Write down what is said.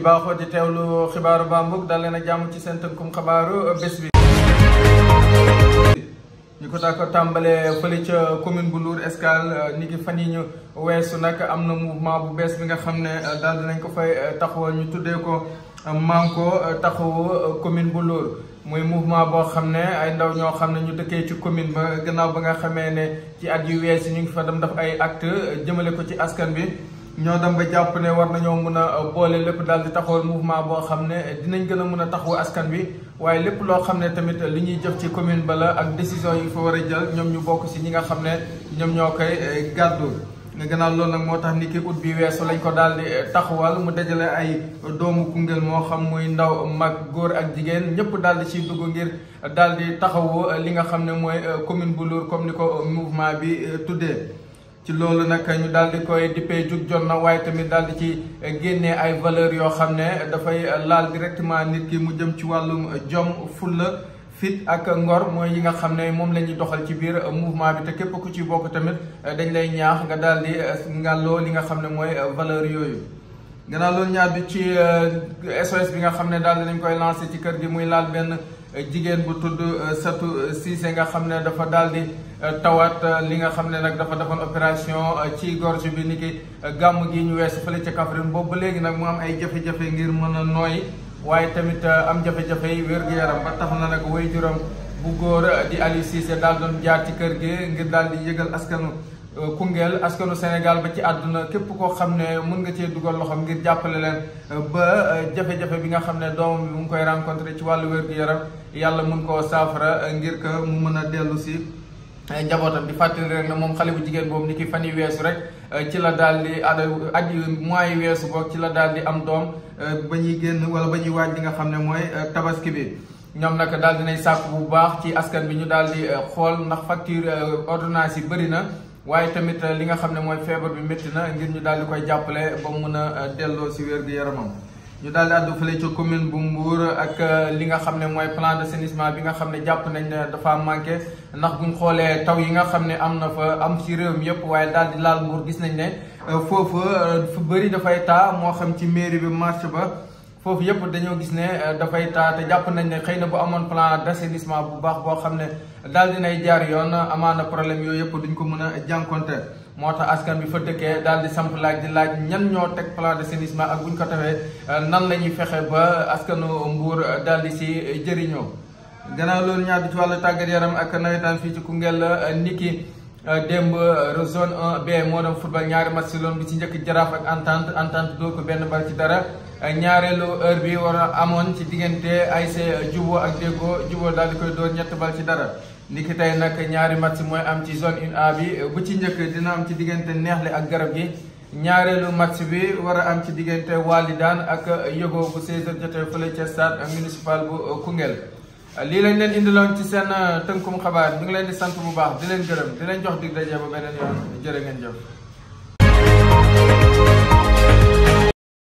di baaxoo di teewlu xibaaru Bambouck dal leen a jàmm ci seen tënkum xabaaru bés bi. ñu ko daa ko tàmbalee fële ca commune bu Lour Escale nit ki fan yi ñu weesu nag am na mouvement bu bees bi nga xam ne daal dinañ ko fay taxawal ñu tuddee ko manko taxawu commune bu Lour. muy mouvement boo xam ne ay ndaw ñoo xam ne ñu dëkkee ci commune ba gannaaw ba nga xamee ne ci at yu wees yi ñu ngi fa dem def ay acte jëmale ko ci askan bi. ñoo dem ba jàpp ne war nañoo mën a euh, boole lépp daal di taxawal mouvement boo xam ne dinañ gën a mën a taxawu askan wi waaye lépp loo xam ne tamit li ñuy jëf ci commune bala ak décision yi fa war a jël ñoom ñu bokk si ñi nga xam ne ñoom ñoo koy euh, gàddu. nga gannaaw loolu nag moo tax ni ki ut bi weesu lañ ko daal di euh, taxawal mu dajale ay doomu Koungheul moo xam muy ndaw mag góor ak jigéen ñëpp daal di ci dugg ngir daal di taxawu li nga xam ne mooy commune bu Lour comme ni ko mouvement bi tuddee. ci loolu nag ñu daal di koy dippee jug jot na waaye tamit daal di ci génnee ay valeurs yoo xam ne dafay laal directement nit ki mu jëm ci wàllu jom fulla fit ak ngor mooy yi nga xam ne moom la ñuy doxal ci biir mouvement bi te képp ku ci bokk tamit dañ lay ñaax nga daal di ngàlloo li nga xam ne mooy valeur yooyu. gannaaw loolu ñaar bi ci SOS euh, bi nga xam ne daal nañ koy lancé ci kër gi muy laal benn. Eh, jigéen bu tudd eh, Satou eh, Cissé nga xam ne dafa daal di tawaat li nga xam ne nag dafa defoon opération ci gorge bi ni ki gàmm gi ñu weesu fële ca Kaffrine boobu ba léegi nag mu am ay jafe-jafe ngir mën a nooy waaye tamit am jafe-jafe yi wér-gu-yaram ba tax na nag way juram bu góor di Aliou Cissé daal doon jaar ci kër gi ngir daal di yëgal askanu Euh, Koungheul askanu Sénégal ba ci àdduna képp koo xam ne mën nga cee dugal loxoom ngir jàppale leen euh, ba euh, jafe-jafe bi nga xam ne doom bi mu koy rencontré ci wàllu wér-gu-yaram yàlla mun koo saafara ngir que mu mën a dellu si njabootam di fàttali rek ne moom xale bu jigéen boobu ni ki fan yi weesu rek ci la daal di ada at yu weesu boog ci la daal di am doom ba ñuy génn wala ba ñuy waaj li nga xam ne mooy tabaski bi ñoom nag daal nay sàkk bu baax ci askan bi ñu daal di xool ndax facture ordonnance yi bëri na waaye tamit li nga xam ne mooy feebar bi métti na ngir ñu daal di koy jàppale ba mun a euh, delloo si wér gu yaramam. ñu daal di àddu fële ci commune bu Mbour ak euh, li nga xam ne mooy plan d'assainissement bi nga xam ne jàpp nañ ne dafa manqué ndax bu mu xoolee taw yi nga xam ne am na fa am si réew mi yëpp waaye daal di laal Mbour gis nañ ne euh, foofu fu bëri dafay taa moo xam ci mairie bi marché ba. foofu yëpp dañoo gis ne euh, dafay taa jàpp nañ ne xëy na bu amoon plan d'assainissement bu baax boo xam ne daal dinay jaar yoon amaana problème yooyu yëpp duñ ko mën a jànkonte moo tax askan bi fa dëkkee daal di samp laaj di laaj ñan ñoo teg plan d'assainissement ak bu ñu ko tefee euh, nan la ñuy fexe ba askanu Mbour daal di si jëriñoo gannaaw loolu ñaar bi ci wàll tàggat yaram ak nawetaan fii ci Koungheul euh, niki Euh, démb euh, zone 1 B moo doon football ñaari match si loon bi ci njëkk jaraaf ak entente entente doo ko benn bal ci dara euh, ñaareelu heure bi war a amoon ci diggante ay ASC Jubo ak Déggo Jubo daal di koy door ñett bal ci dara niki tey nag ñaari match mooy am ci zone 1A bi bu ci njëkk dina am ci diggante neexle ak garab gi ñaareelu match bi war a am ci diggante daan ak Yogo bu 16h jotee fële ca stade municipal bu Koungheul Ah, lii lañ leen indiloon ci seen ah, tënkum xabaar ñu ngi leen di sant bu baax di leen gërëm di leen jox dig daje ba beneen yoon jërë ngeen jëf.